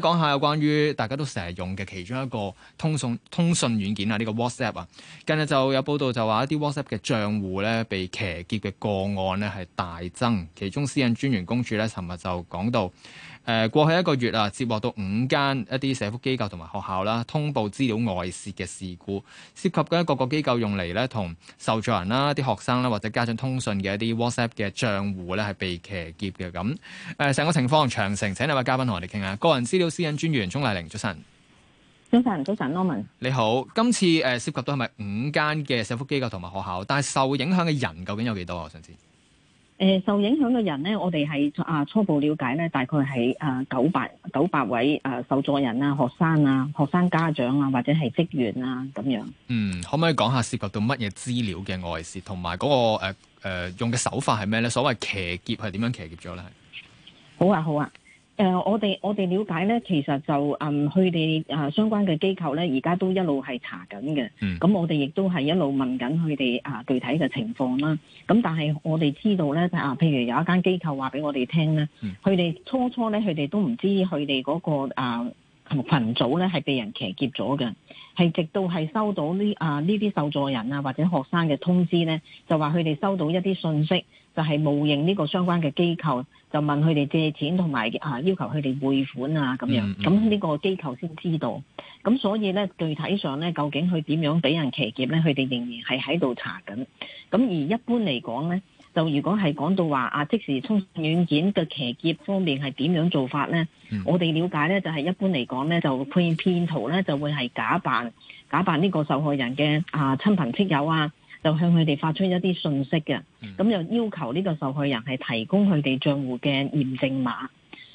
講下有關於大家都成日用嘅其中一個通訊通訊軟件啊，呢個 WhatsApp 啊，近日就有報道就話一啲 WhatsApp 嘅賬戶被騎劫嘅個案咧係大增，其中私隱專員公署呢尋日就講到。誒過去一個月啊，接獲到五間一啲社福機構同埋學校啦，通報資料外泄嘅事故，涉及嘅各個機構用嚟咧，同受助人啦、啲學生啦或者家長通訊嘅一啲 WhatsApp 嘅賬戶咧，係被騎劫嘅咁。誒成個情況，詳情請兩位嘉賓同我哋傾下。個人資料私隱專員鍾麗玲早晨。早晨早晨，Norman。你好，今次誒涉及到係咪五間嘅社福機構同埋學校？但係受影響嘅人究竟有幾多我想知？誒，受影響嘅人咧，我哋係啊初步了解咧，大概係誒九百九百位誒受助人啊、學生啊、學生家長啊或者係職員啊咁樣。嗯，可唔可以講下涉及到乜嘢資料嘅外泄，同埋嗰個誒誒、呃呃、用嘅手法係咩咧？所謂騎劫係點樣騎劫咗咧？好啊，好啊。誒、呃，我哋我哋了解咧，其實就誒，佢哋誒相關嘅機構咧，而家都一路係查緊嘅。咁、嗯嗯、我哋亦都係一路問緊佢哋啊，具體嘅情況啦。咁但係我哋知道咧，啊，譬如有一間機構話俾我哋聽咧，佢哋、嗯、初初咧，佢哋都唔知佢哋嗰個啊群組咧係被人騎劫咗嘅，係直到係收到呢啊呢啲受助人啊或者學生嘅通知咧，就話佢哋收到一啲信息。就係冒認呢個相關嘅機構，就問佢哋借錢同埋啊，要求佢哋匯款啊咁樣，咁呢個機構先知道。咁所以咧，具體上咧，究竟佢點樣俾人騎劫咧？佢哋仍然係喺度查緊。咁而一般嚟講咧，就如果係講到話啊，即時通訊軟件嘅騎劫方面係點樣做法咧？嗯、我哋了解咧，就係、是、一般嚟講咧，就騙騙徒咧就會係假扮假扮呢個受害人嘅啊親朋戚友啊。就向佢哋發出一啲信息嘅，咁、嗯、又要求呢個受害人係提供佢哋帳戶嘅驗證碼，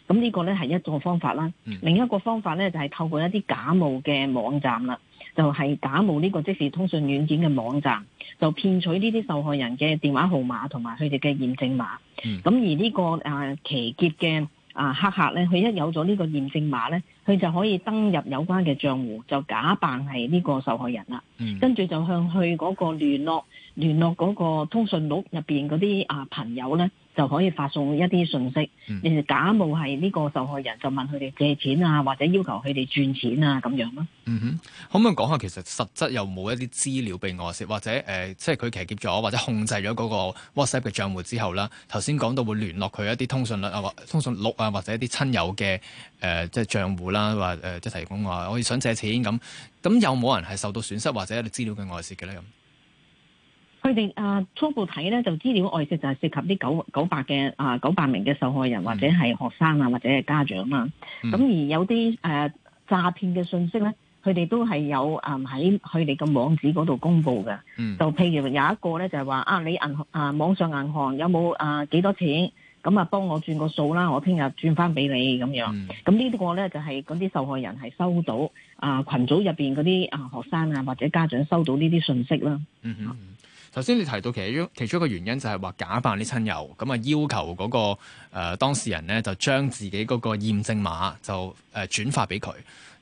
咁、這、呢個呢係一個方法啦。嗯、另一個方法呢，就係透過一啲假冒嘅網站啦，就係、是、假冒呢個即時通訊軟件嘅網站，就騙取呢啲受害人嘅電話號碼同埋佢哋嘅驗證碼。咁、嗯、而呢、這個啊、呃、騎劫嘅啊黑客呢，佢一有咗呢個驗證碼呢。佢就可以登入有關嘅帳戶，就假扮係呢個受害人啦。跟住、嗯、就向去嗰個聯絡聯絡嗰個通訊錄入邊嗰啲啊朋友呢，就可以發送一啲信息，誒、嗯、假冒係呢個受害人，就問佢哋借錢啊，或者要求佢哋轉錢啊咁樣咯、啊。嗯哼，可唔可以講下其實實質有冇一啲資料被外泄，或者誒、呃，即係佢騎劫咗或者控制咗嗰個 WhatsApp 嘅帳戶之後啦？頭先講到會聯絡佢一啲通訊錄啊，或通訊錄啊，或者一啲親友嘅誒、呃、即係帳戶啦。啊，話誒，即、呃、係提供話，我哋想借錢咁，咁有冇人係受到損失或者資料嘅外泄嘅咧？咁，佢哋啊初步睇咧，就資料外泄就係涉及啲九九百嘅啊九百名嘅受害人或者係學生啊或者係家長啊，咁、嗯、而有啲誒詐騙嘅信息咧，佢哋都係有啊喺佢哋嘅網址嗰度公布嘅，嗯、就譬如有一個咧就係話啊你銀行啊網上銀行有冇啊幾多錢？咁啊，幫我轉個數啦，我聽日轉翻俾你咁樣。咁呢啲個咧就係嗰啲受害人係收到啊、呃、群組入邊嗰啲啊學生啊或者家長收到呢啲信息啦。嗯哼嗯，頭先你提到其實其中一個原因就係話假扮啲親友，咁啊要求嗰、嗰個當、呃、當事人咧就將自己嗰個驗證碼就誒、呃、轉發俾佢。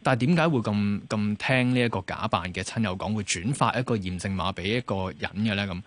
但係點解會咁咁聽呢一個假扮嘅親友講會轉發一個驗證碼俾一個人嘅咧咁？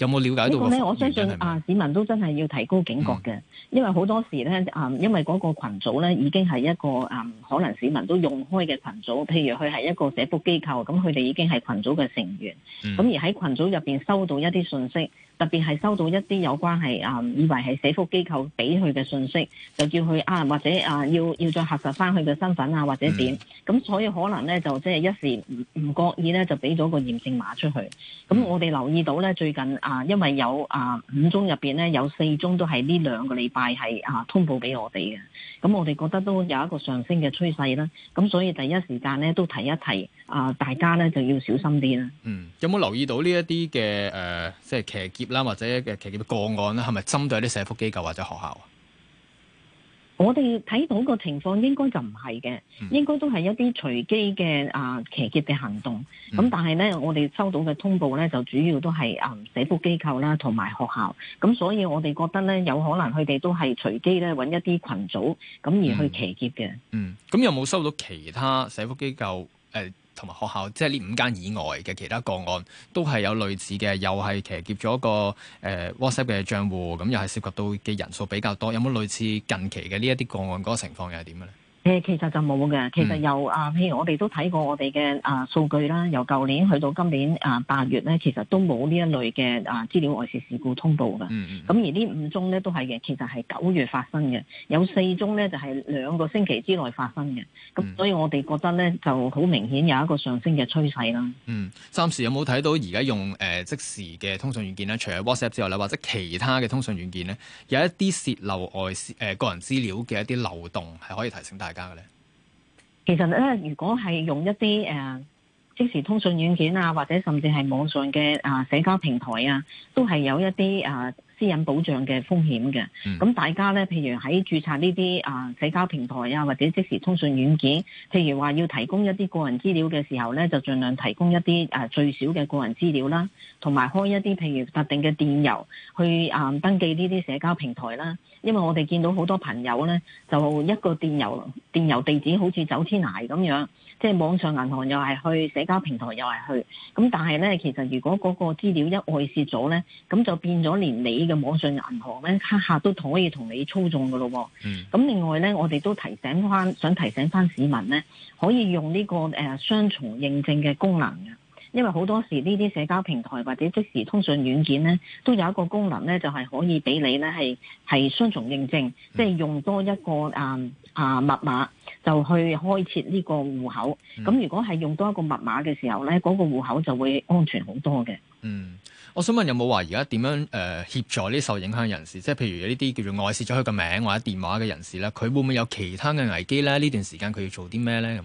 有冇了解到？呢個咧，我相信啊，市民都真係要提高警覺嘅、嗯嗯，因為好多時咧啊，因為嗰個群組咧已經係一個啊、嗯，可能市民都用開嘅群組，譬如佢係一個社福機構，咁佢哋已經係群組嘅成員，咁、嗯、而喺群組入邊收到一啲信息。特別係收到一啲有關係啊、嗯，以為係社福機構俾佢嘅信息，就叫佢啊，或者啊，要要再核實返佢嘅身份啊，或者點？咁、嗯、所以可能咧，就即係一時唔唔覺意咧，就俾咗個驗證碼出去。咁我哋留意到咧，最近啊，因為有啊五宗入邊咧，有四宗都係呢兩個禮拜係啊通報俾我哋嘅。咁我哋覺得都有一個上升嘅趨勢啦。咁所以第一時間咧，都提一提啊，大家咧就要小心啲啦。嗯，有冇留意到呢一啲嘅誒，即係騎劫？啦，或者嘅騎劫個案咧，係咪針對啲社福機構或者學校啊？我哋睇到個情況，應該就唔係嘅，應該都係一啲隨機嘅啊騎劫嘅行動。咁、嗯、但係咧，我哋收到嘅通報咧，就主要都係啊、嗯、社福機構啦，同埋學校。咁所以，我哋覺得咧，有可能佢哋都係隨機咧搵一啲群組咁而去騎劫嘅、嗯。嗯，咁有冇收到其他社福機構誒？呃同埋學校，即係呢五間以外嘅其他個案，都係有類似嘅，又係其實騎劫咗個、呃、WhatsApp 嘅賬戶，咁又係涉及到嘅人數比較多。有冇類似近期嘅呢一啲個案嗰個情況又係點嘅咧？誒，其實就冇嘅。其實由、嗯、啊，譬如我哋都睇過我哋嘅啊數據啦，由舊年去到今年啊八月咧，其實都冇呢一類嘅啊資料外洩事，事故通報嘅。咁、嗯、而這呢五宗咧都係嘅，其實係九月發生嘅，有四宗咧就係、是、兩個星期之內發生嘅。咁所以我哋覺得咧就好明顯有一個上升嘅趨勢啦。嗯，暫時有冇睇到而家用誒、呃、即時嘅通訊軟件咧，除咗 WhatsApp 之外啦，或者其他嘅通訊軟件咧，有一啲洩漏外誒、呃、個人資料嘅一啲漏洞係可以提醒大大家嘅咧，其實咧，如果係用一啲誒、啊、即時通訊軟件啊，或者甚至係網上嘅啊社交平台啊，都係有一啲啊，私隱保障嘅風險嘅，咁、嗯、大家咧，譬如喺註冊呢啲啊社交平台啊，或者即時通訊軟件，譬如話要提供一啲個人資料嘅時候咧，就儘量提供一啲誒最少嘅個人資料啦，同埋開一啲譬如特定嘅電郵去登記呢啲社交平台啦，因為我哋見到好多朋友咧，就一個電郵電郵地址好似走天涯咁樣。即係網上銀行又係去，社交平台又係去，咁但係咧，其實如果嗰個資料一外洩咗咧，咁就變咗連你嘅網上銀行咧，黑客，都可以同你操縱噶咯。咁、嗯、另外咧，我哋都提醒翻，想提醒翻市民咧，可以用呢個誒雙重認證嘅功能。因為好多時呢啲社交平台或者即時通訊軟件咧，都有一個功能咧，就係、是、可以俾你咧係係雙重認證，嗯、即係用多一個啊啊密碼就去開設呢個戶口。咁如果係用多一個密碼嘅時候咧，嗰、那個戶口就會安全好多嘅。嗯，我想問有冇話而家點樣誒、呃、協助呢啲受影響人士？即係譬如呢啲叫做外泄咗佢嘅名或者電話嘅人士咧，佢會唔會有其他嘅危機咧？呢段時間佢要做啲咩咧？咁？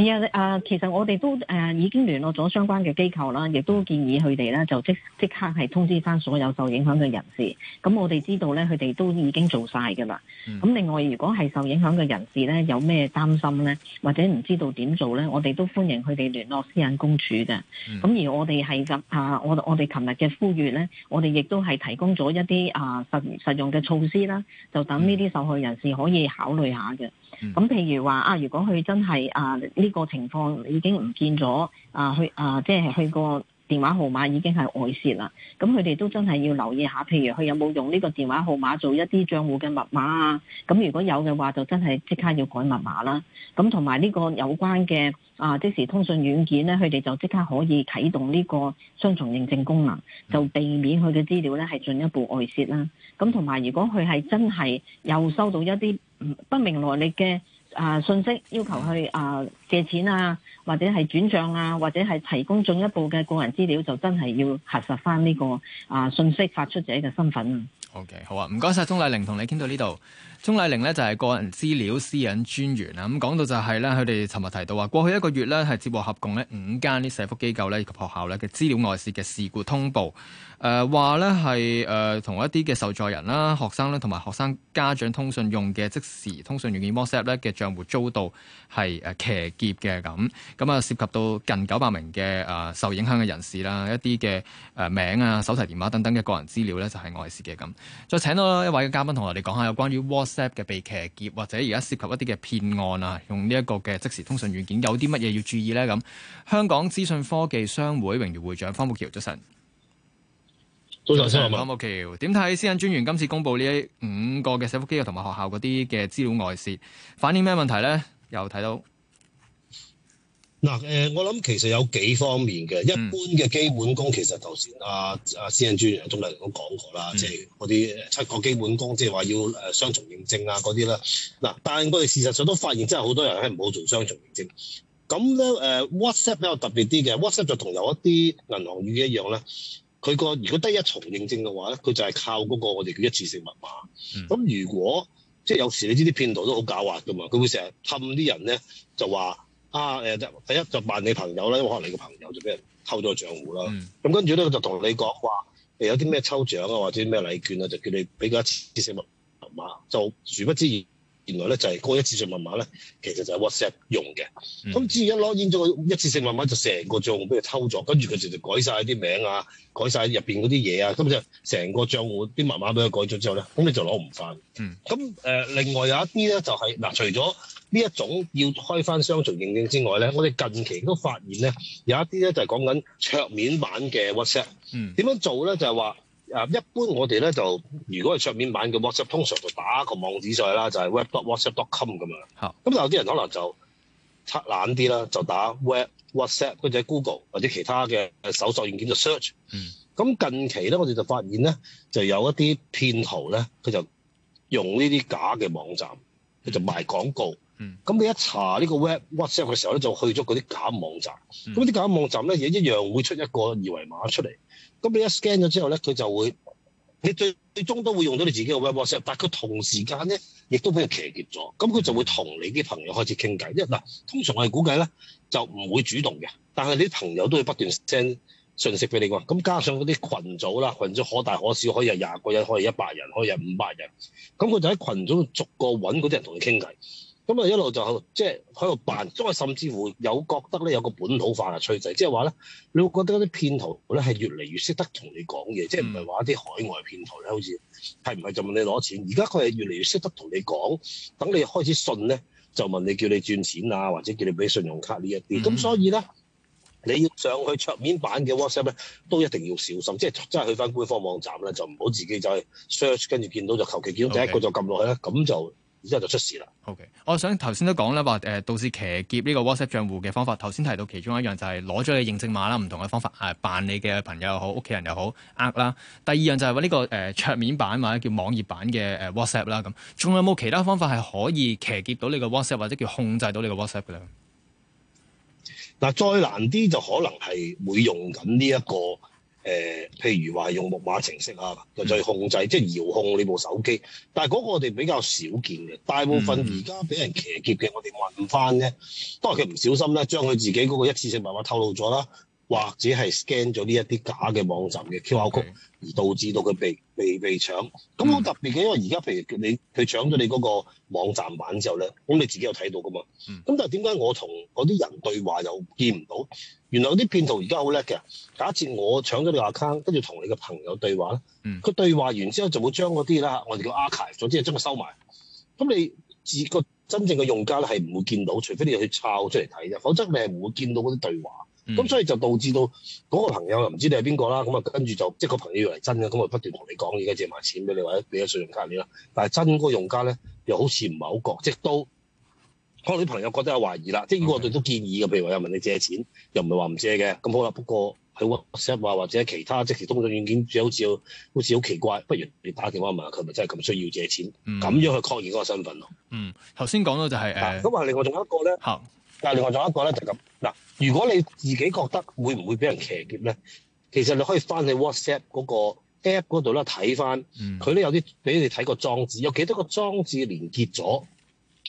係啊，誒，其實我哋都誒已經聯絡咗相關嘅機構啦，亦都建議佢哋咧就即即刻係通知翻所有受影響嘅人士。咁我哋知道咧，佢哋都已經做晒噶啦。咁、嗯、另外，如果係受影響嘅人士咧，有咩擔心咧，或者唔知道點做咧，我哋都歡迎佢哋聯絡私隱公署嘅。咁、嗯、而我哋係咁啊，我我哋琴日嘅呼籲咧，我哋亦都係提供咗一啲啊實實用嘅措施啦，就等呢啲受害人士可以考慮下嘅。咁、嗯、譬如話啊，如果佢真係啊呢、個情況已經唔見咗啊，去啊即係去過。電話號碼已經係外泄啦，咁佢哋都真係要留意一下，譬如佢有冇用呢個電話號碼做一啲賬戶嘅密碼啊？咁如果有嘅話，就真係即刻要改密碼啦。咁同埋呢個有關嘅啊即時通訊軟件咧，佢哋就即刻可以啟動呢個雙重認證功能，就避免佢嘅資料咧係進一步外泄啦。咁同埋如果佢係真係又收到一啲不明來歷嘅。啊，信息，要求去啊借錢啊，或者係轉賬啊，或者係提供進一步嘅個人資料，就真係要核實翻呢個啊信息發出者嘅身份。OK，好啊，唔該晒鍾麗玲，同你傾到呢度。鍾麗玲咧就係個人資料私隱專員啦。咁講到就係呢，佢哋尋日提到話，過去一個月呢，係接獲合共咧五間啲社福機構呢以及學校呢嘅資料外泄嘅事故通報。誒話呢係誒同一啲嘅受助人啦、學生啦同埋學生家長通訊用嘅即時通訊軟件 WhatsApp 呢嘅賬戶遭到係誒騎劫嘅咁。咁啊涉及到近九百名嘅誒受影響嘅人士啦，一啲嘅誒名啊、手提電話等等嘅個人資料呢，就係外泄嘅咁。再請到一位嘅嘉賓同我哋講下有關於 set 嘅被騎劫或者而家涉及一啲嘅騙案啊，用呢一個嘅即時通訊軟件有啲乜嘢要注意呢？咁香港資訊科技商會榮譽會長方保僑，早晨。早晨文，方保僑點睇？文私隱專員今次公布呢五個嘅社福機構同埋學校嗰啲嘅資料外洩，反映咩問題呢？又睇到。嗱、呃、我諗其實有幾方面嘅，嗯、一般嘅基本功，其實頭、啊啊、先阿阿私隱專員阿鍾麗玲都講過啦，嗯、即係嗰啲七個基本功，即係話要誒雙重認證啊嗰啲啦。嗱，但係我哋事實上都發現，真係好多人唔好做雙重認證。咁咧誒，WhatsApp 比較特別啲嘅，WhatsApp 就同有一啲銀行業一樣咧，佢個如果得一重認證嘅話咧，佢就係靠嗰個我哋叫一次性密碼。咁、嗯、如果即係有時你知啲騙徒都好狡猾噶嘛，佢會成日氹啲人咧就話。啊誒、呃、第一就扮你朋友啦，因為可能你個朋友就俾人偷咗個賬戶啦。咁、嗯、跟住咧，就同你講話誒有啲咩抽獎啊，或者咩禮券啊，就叫你俾佢一次性密碼，就殊不知而。原來咧就係嗰一次性密碼咧，其實就係 WhatsApp 用嘅。咁至後一攞咗個一次性密碼就成個賬戶俾佢偷咗，跟住佢直接他就改晒啲名啊，改晒入邊嗰啲嘢啊，咁就成個賬戶啲密碼俾佢改咗之後咧，咁你就攞唔翻。嗯。咁誒、嗯呃，另外有一啲咧就係、是、嗱，除咗呢一種要開翻雙重認證之外咧，我哋近期都發現咧有一啲咧就係講緊桌面版嘅 WhatsApp。嗯。點樣做咧？就係、是、話。啊，一般我哋咧就如果係桌面版嘅 WhatsApp，通常就打個網址上去啦，就係、是、web.whatsapp.com 咁樣。咁好有啲人可能就懶啲啦，就打 web WhatsApp，或者 Google 或者其他嘅搜索軟件就 search。咁、嗯、近期咧，我哋就發現咧，就有一啲騙徒咧，佢就用呢啲假嘅網站，佢、嗯、就賣廣告。咁、嗯、你一查呢個 web WhatsApp 嘅時候咧，就去咗嗰啲假網站。咁啲、嗯、假網站咧，亦一樣會出一個二維碼出嚟。咁你一 scan 咗之後咧，佢就會，你最最終都會用到你自己嘅 WhatsApp 但佢同時間咧，亦都俾佢騎劫咗，咁佢就會同你啲朋友開始傾偈。因為嗱，通常我哋估計咧，就唔會主動嘅，但係你啲朋友都會不斷 send 信息俾你㗎。咁加上嗰啲群組啦，群組可大可小，可以係廿個人，可以一百人，可以有五百人，咁佢就喺群組逐個揾嗰啲人同佢傾偈。咁啊、嗯、一路就即係喺度辦，再甚至乎有覺得咧有個本土化嘅趨勢，即係話咧，你會覺得啲騙徒咧係越嚟越識得同你講嘢，嗯、即係唔係話一啲海外騙徒咧，好似係唔係就問你攞錢？而家佢係越嚟越識得同你講，等你開始信咧，就問你叫你轉錢啊，或者叫你俾信用卡呢一啲。咁、嗯、所以咧，你要上去桌面版嘅 WhatsApp 咧，都一定要小心，即係真係去翻官方網站咧，就唔好自己就 search 跟住見到就求其見到第一個就撳落去啦，咁 Okay. 就。之後就出事啦。OK，我想頭先都講啦，話誒，到時騎劫呢個 WhatsApp 帳戶嘅方法。頭先提到其中一樣就係攞咗你認證碼啦，唔同嘅方法誒，扮你嘅朋友又好，屋企人又好，呃啦。第二樣就係話呢個誒、呃、桌面版或者叫網頁版嘅誒 WhatsApp 啦。咁仲有冇其他方法係可以騎劫到你個 WhatsApp 或者叫控制到你個 WhatsApp 嘅咧？嗱，再難啲就可能係會用緊呢一個。誒、呃，譬如話用木馬程式啊，就再控制，即、就、係、是、遙控你部手機。但係嗰個我哋比較少見嘅，大部分而家俾人騎劫嘅，我哋問翻咧，都係佢唔小心咧，將佢自己嗰個一次性密碼透露咗啦。或者係 scan 咗呢一啲假嘅網站嘅 QR code Okay. 而導致到佢被被被搶。咁好特別嘅，因為而家譬如你佢搶咗你嗰個網站版之後咧，咁你自己有睇到噶嘛？咁但係點解我同嗰啲人對話又見唔到？原來嗰啲騙徒而家好叻嘅，假設我搶咗你 account，跟住同你嘅朋友對話咧，佢、嗯、對話完之後就會將嗰啲啦，我哋叫 archive，總之係將佢收埋。咁你自己真正嘅用家咧，係唔會見到，除非你去抄出嚟睇啫，否則你係唔會見到嗰啲對話。咁、嗯嗯、所以就導致到嗰個朋友又唔知你係邊個啦，咁啊跟住就即係、就是、個朋友以為係真嘅，咁啊不斷同你講而家借埋錢俾你或者俾咗信用卡你啦。但係真嗰個用家咧又好似唔係好覺，即都可能啲朋友覺得有懷疑啦，即係我哋都建議嘅，譬如話又問你借錢，Okay. 又唔係話唔借嘅，咁好啦。不過喺 WhatsApp 啊或者其他即時通訊軟件好，好似好似好奇怪，不如你打電話問下佢，咪真係咁需要借錢？咁、嗯、樣去確認嗰個身份咯。嗯，頭先講到就係、是、咁、嗯、啊，另外仲有一個咧。嗱，另外仲有一個咧就咁嗱，如果你自己覺得會唔會俾人騎劫咧？其實你可以翻去 WhatsApp 嗰個 App 嗰度咧睇翻，佢呢有啲俾你睇個裝置，有幾多個裝置連結咗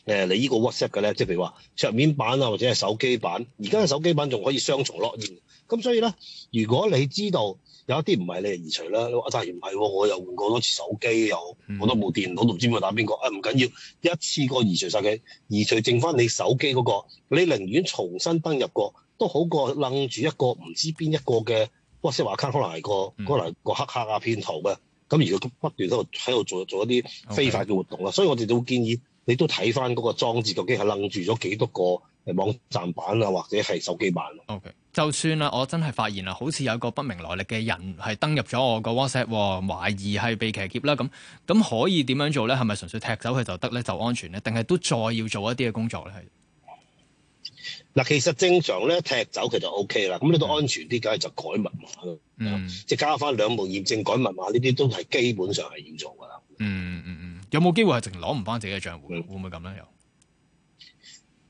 誒你呢個 WhatsApp 嘅咧，即係譬如話桌面版啊或者係手機版，而家嘅手機版仲可以雙重落線，咁所以咧如果你知道。有一啲唔係你係移除啦，但係唔係，我又換過多次手機，又好多部電腦，唔知佢打邊個、嗯、啊？唔緊要，一次過移除晒佢，移除剩翻你手機嗰、嗰個，你寧願重新登入過，都好過楞住一個唔知邊一個嘅 WhatsApp account 可能係、那個可能、那個、個黑客啊騙徒嘅，咁而家不斷喺度喺度做做一啲非法嘅活動啦，Okay. 所以我哋都建議你都睇翻嗰個裝置究竟係楞住咗幾多個。網站版啊，或者係手機版咯。OK，就算啦，我真係發現啦，好似有個不明來歷嘅人係登入咗我個 WhatsApp，懷疑係被騎劫啦。咁咁可以點樣做咧？係咪純粹踢走佢就得咧？就安全咧？定係都再要做一啲嘅工作咧？係嗱，其實正常咧，踢走佢就 OK 啦。咁你都安全啲，梗係就改密碼咯、嗯。即係加翻兩步驗證、改密碼呢啲都係基本上係要做噶啦、嗯。嗯嗯嗯，有冇機會係淨攞唔翻自己嘅賬戶？的會唔會咁樣？又？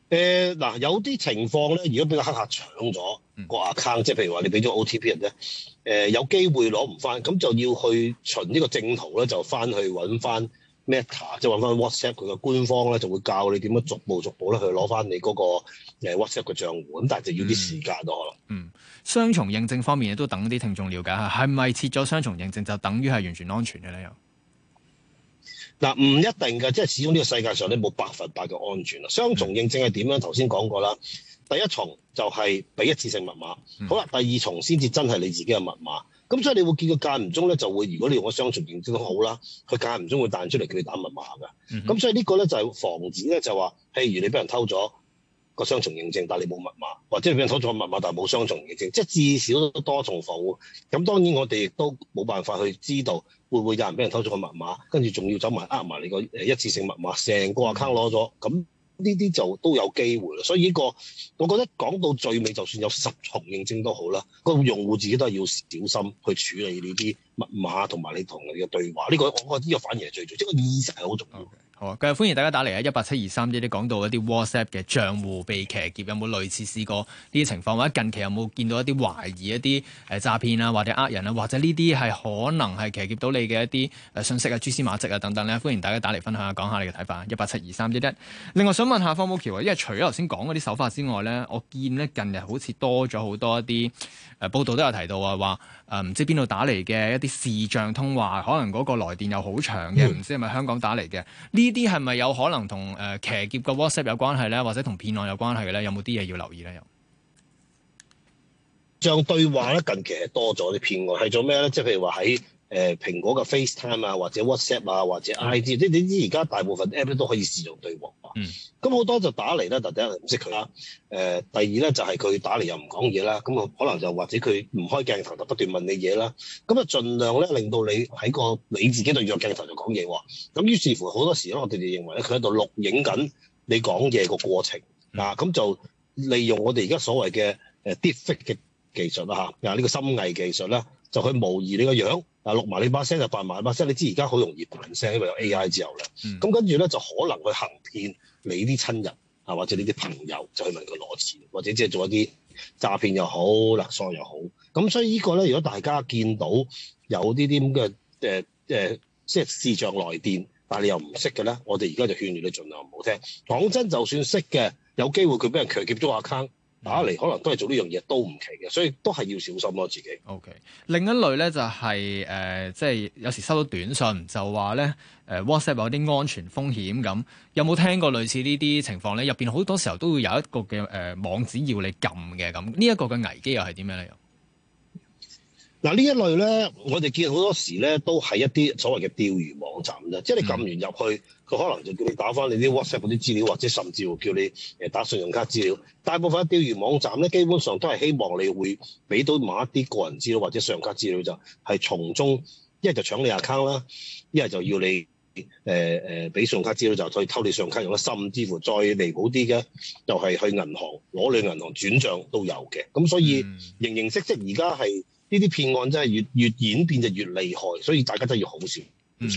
誒，嗱、呃、有啲情況咧，如果俾個黑客搶咗個 account，即係譬如話你俾咗 OTP 人咧，誒、呃、有機會攞唔翻，咁就要去循呢個正途咧，就翻去搵翻 Meta，即搵返翻 WhatsApp 佢個官方咧，就會教你點樣逐步逐步咧去攞翻你嗰個 WhatsApp 嘅賬戶，咁但係就要啲時間咯可能、嗯。嗯，雙重認證方面亦都等啲聽眾了解下，係咪設咗雙重認證就等於係完全安全嘅咧又？嗱，唔一定嘅，即係始終呢個世界上咧冇百分百嘅安全啦。雙重認證係點樣？頭先講過啦，第一重就係俾一次性密碼，好啦，第二重先至真係你自己嘅密碼。咁所以你會見佢間唔中咧，就會如果你用咗雙重認證都好啦，佢間唔中會彈出嚟叫你打密碼嘅。咁、mm hmm. 所以呢個咧就係防止咧，就話譬如你俾人偷咗。個雙重認證，但係你冇密碼，或者俾人偷咗個密碼，但係冇雙重認證，即係至少都多重防護。咁當然我哋亦都冇辦法去知道會唔會有人俾人偷咗個密碼，跟住仲要走埋呃埋你個誒一次性密碼，成個 account 攞咗。咁呢啲就都有機會啦。所以呢個我覺得講到最尾，就算有十重認證都好啦，個用戶自己都係要小心去處理呢啲密碼同埋你同你嘅對話。呢個我我知，呢個反而係最重要，即係個意識係好重要。Okay. 好，今日歡迎大家打嚟啊！一八七二三一一講到一啲 WhatsApp 嘅賬戶被騎劫，有冇類似試過呢啲情況？或者近期有冇見到一啲懷疑一啲誒詐騙啊，或者呃人啊，或者呢啲係可能係騎劫到你嘅一啲誒信息啊、蛛絲馬跡啊等等呢？歡迎大家打嚟分享下，講下你嘅睇法。一八七二三一一。另外想問下方保僑啊，因為除咗頭先講嗰啲手法之外呢，我見呢近日好似多咗好多一啲、呃、報道都有提到啊，話，誒唔知邊度打嚟嘅一啲視像通話，可能嗰個來電又好長嘅，唔知係咪香港打嚟嘅？呢啲係咪有可能同誒、呃、騎劫嘅 WhatsApp 有關係咧，或者同騙案有關係咧？有冇啲嘢要留意咧？又像對話咧，嗯、近期係多咗啲騙案，係做咩咧？即係譬如話喺，誒、呃、蘋果嘅 FaceTime 啊，或者 WhatsApp 啊，或者 I D，即係點知而家大部分 app 都可以試用對話。嗯，咁好多就打嚟咧，第一唔識佢啦。誒、呃，第二咧就係、是、佢打嚟又唔講嘢啦。咁啊，可能就或者佢唔開鏡頭就不斷問你嘢啦。咁啊，盡量咧令到你喺個你自己度約鏡頭度講嘢喎。咁於是乎好多時咧，我哋就認為咧佢喺度錄影緊你講嘢個過程嗱。咁、嗯啊、就利用我哋而家所謂嘅 Deepfake 嘅技術啦嚇，嗱、啊、呢、這個深偽技術咧就去模擬你個樣。錄埋你把聲就扮埋把聲，你知而家好容易扮聲，因為有 AI 之後咧。咁跟住咧就可能去行騙你啲親人，或者你啲朋友就去問佢攞錢，或者即係做一啲詐騙又好、勒索又好。咁所以個呢個咧，如果大家見到有呢啲咁嘅誒誒即係視像來電，但係你又唔識嘅咧，我哋而家就勸住你儘量唔好聽。講真，就算識嘅，有機會佢俾人強劫咗 account。打嚟可能都係做呢樣嘢都唔奇嘅，所以都係要小心咯自己。OK，另一類咧就係、是、誒、呃，即係有時收到短信就話咧、呃、WhatsApp 有啲安全風險咁，有冇聽過類似呢啲情況咧？入邊好多時候都會有一個嘅誒、呃、網址要你撳嘅咁，呢一個嘅危機又係點樣咧？嗱呢一類咧，我哋見好多時咧，都係一啲所謂嘅釣魚網站啫。即係你撳完入去，佢可能就叫你打翻你啲 WhatsApp 嗰啲資料，或者甚至乎叫你誒打信用卡資料。大部分釣魚網站咧，基本上都係希望你會俾到某一啲個人資料或者信用卡資料，就係、是、從中一係就搶你 account 啦，一係就要你誒俾、呃、信用卡資料就可以偷你信用卡用，甚至乎再離譜啲嘅，就係、是、去銀行攞你銀行轉賬都有嘅。咁所以、嗯、形形式式，而家係。呢啲騙案真係越越演變就越厲害，所以大家都要好小心嗯，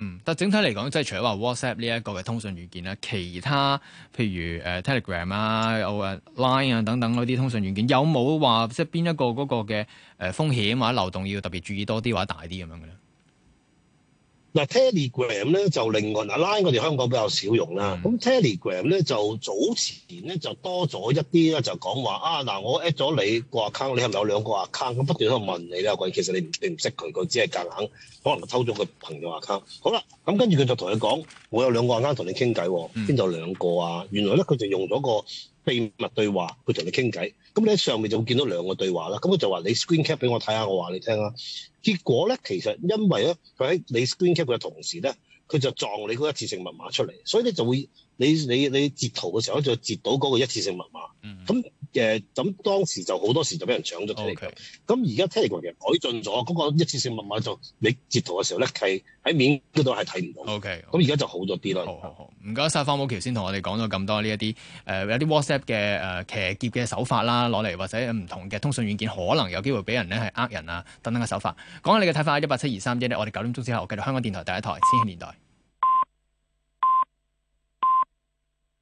嗯，但係整體嚟講，即係除咗話 WhatsApp 呢一個嘅通訊軟件啦，其他譬如 Telegram 啊、或 Line 啊等等嗰啲通訊軟件，有冇話即係邊一個嗰個嘅誒風險或者漏洞要特別注意多啲或者大啲咁樣嘅咧？嗱 Telegram 咧就，另外，嗱 Line 我哋香港比較少用啦，咁、嗯、Telegram 咧就早前咧就多咗一啲咧就講話啊嗱、啊、我 at 咗你個 account，你係咪有兩個 account？咁不斷喺度問你啦，阿鬼其實你唔你唔識佢，佢只係夾硬，可能偷咗佢朋友 account。好啦，咁跟住佢就同佢講，我有兩個 account 同你傾偈，邊度、嗯、兩個啊？原來咧佢就用咗個秘密對話去同你傾偈。咁你喺上面就會見到兩個對話啦。咁佢就話：你 screen cap 俾我睇下，我話你聽啊。結果咧，其實因為咧，佢喺你 screen cap 嘅同時咧，佢就撞你個一次性密碼出嚟，所以咧就會你你你截圖嘅時候咧就截到嗰個一次性密碼。嗯。咁誒，咁當時就好多時就俾人搶咗。O K。咁而家 Telegram 其實改進咗嗰個一次性密碼，就你截圖嘅時候咧，佢喺面度係睇唔到。O K。咁而家就好咗啲啦。好好好，唔該曬方保僑先同我哋講咗咁多呢、呃、一啲誒有啲 WhatsApp 嘅誒、呃、騎劫嘅手法啦。攞嚟或者唔同嘅通訊軟件，可能有機會俾人咧係呃人啊等等嘅手法。講下你嘅睇法。一八七二三一，我哋九點鐘之後繼續香港電台第一台《千禧年代》。